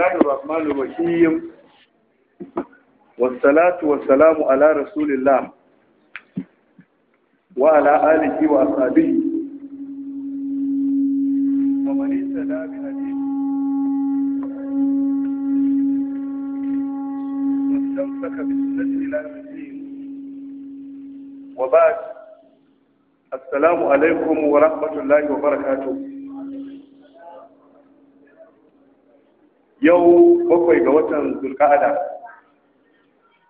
الله الرحمن الرحيم والصلاة والسلام على رسول الله وعلى آله وأصحابه ومن اهتدى بهديه واستمسك بالسنة إلى الدين وبعد السلام عليكم ورحمة الله وبركاته yau bakwai ga watan zulka'ada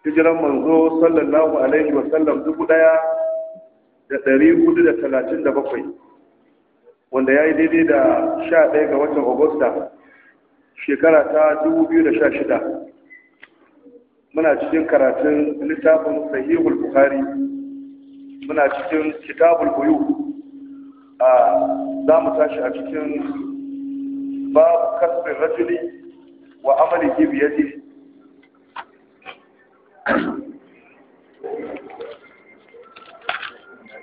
hijiran manzo sallallahu alaihi wa sallam dubu daya da dari hudu da talatin da bakwai wanda ya yi daidai da sha ɗaya ga watan agusta shekara ta dubu biyu da sha shida muna cikin karatun littafin sahihul bukhari muna cikin kitabul buyu a za mu tashi a cikin babu kasbin rajuli Wa amma da kifi yadda ya yi. Abubakar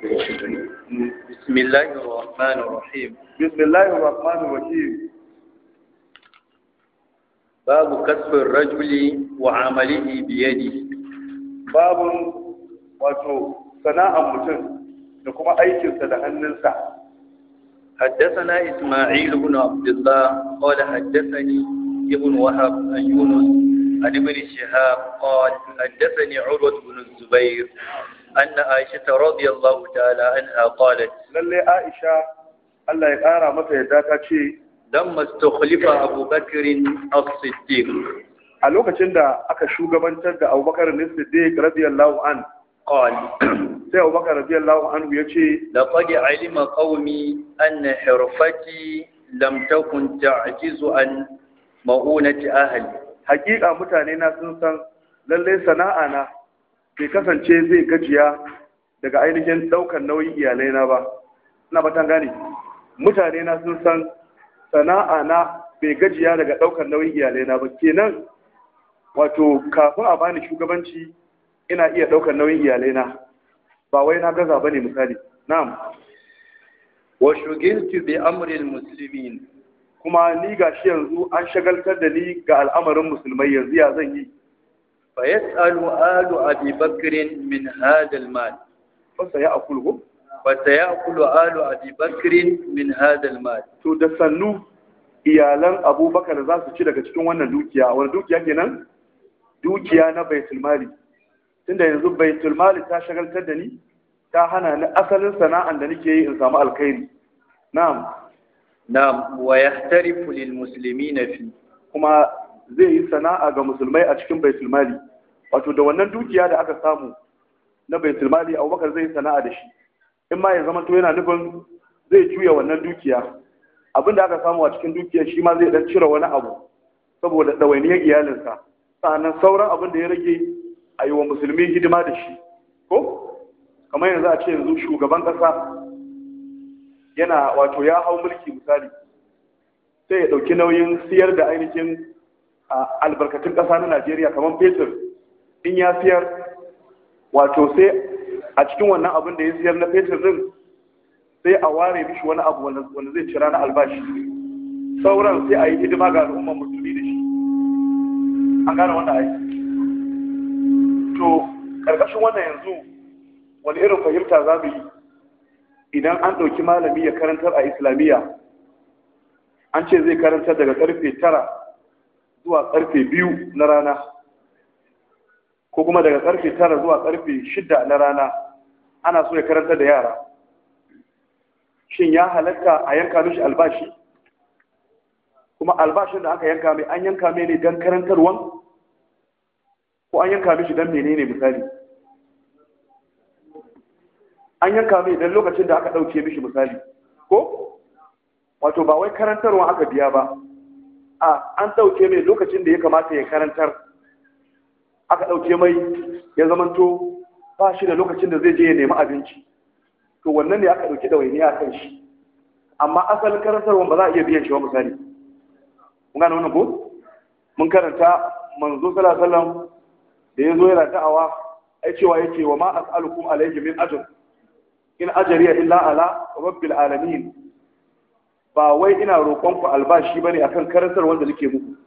ta yi magana da yawa. Abubakar ta yi Babu wato sana'a mutum da kuma aikinsa da hannunsa. Haddasa na Isma'il na waɗanda wani haddasa ابن وهب عن يونس عن ابن شهاب قال حدثني عروة بن الزبير أن عائشة رضي الله تعالى عنها قالت للي عائشة الله يقارى متى يداتا شيء لما استخلف أبو بكر الصديق a lokacin da aka shugabantar da abubakar ne siddiq radiyallahu an qali sai abubakar radiyallahu anhu ya ce laqad alima qaumi anna hirfati lam takun ta'jizu an ma'unati ahli hakika mutane na sun san lalle sana'a na bai kasance zai gajiya daga ainihin daukan nauyin iyalai na ba ina batan gane mutane na sun san sana'a na bai gajiya daga daukan nauyin iyalai na ba kenan wato kafin a bani shugabanci ina iya daukan nauyin iyalai na ba wai na gaza bane misali na'am wa shugiltu bi amri al-muslimin kuma ni ga shi yanzu an shagaltar da ni ga al'amarin musulmai yanzu ya zan yi fa yas'alu alu abi bakr min hadal al-mal fa sayakuluhu fa sayakulu alu abi bakr min hadal mal to da sannu iyalan abubakar za su ci daga cikin wannan dukiya wani dukiya kenan dukiya na baitul mali tunda yanzu baitul mali ta shagaltar da ni ta hana ni asalin sana'an da nake yi in samu alkhairi na'am na wa fulil musulmi na fi kuma zai yi sana'a ga musulmai a cikin baitul wato da wannan dukiya da aka samu na baitul a Abubakar zai yi sana'a da shi in ma ya zama to yana nufin zai juya wannan dukiya abin da aka samu a cikin dukiya shi ma zai dan cire wani abu saboda ɗawainiyar iyalinsa sannan sauran abin da ya rage a yi wa musulmi hidima da shi ko kamar yanzu a ce yanzu shugaban ƙasa yana wato ya hau mulki misali sai ya ɗauki nauyin siyar da ainihin albarkatun ƙasa na najeriya kamar fetur in ya siyar wato sai a cikin wannan abin da ya siyar na fetur din sai a ware mishi wani abu wanda zai cira na albashi sauran sai a yi hidima ga al'umma mutumi da shi an gane wannan yi. to ƙarƙashin wannan yanzu wani irin fahimta za mu yi idan an ɗauki malami ya karantar a islamiyya an ce zai karantar daga ƙarfe tara zuwa ƙarfe biyu na rana ko kuma daga ƙarfe tara zuwa ƙarfe shida na rana ana so ya karantar da yara shin ya halatta a yanka mishi albashi kuma albashin da aka yanka mai an yanka mai ne don karantarwan ko an yanka mishi don menene misali an yanka mai idan lokacin da aka ɗauke mishi misali ko wato ba wai karantarwa aka biya ba a an ɗauke mai lokacin da ya kamata ya karantar aka ɗauke mai ya zamanto ba shi da lokacin da zai je ya nemi abinci to wannan ne aka da waini a kan shi amma asalin karantarwa ba za a iya biyan shi wa misali mun gane wannan ko mun karanta manzo sallallahu alaihi wasallam da ya zo yana da'awa ai cewa yake wa ma as'alukum alayhi min ajr in ajariya illa ala rabbil alamin ba wai ina roƙon ku albashi bane akan karantar wanda nake muku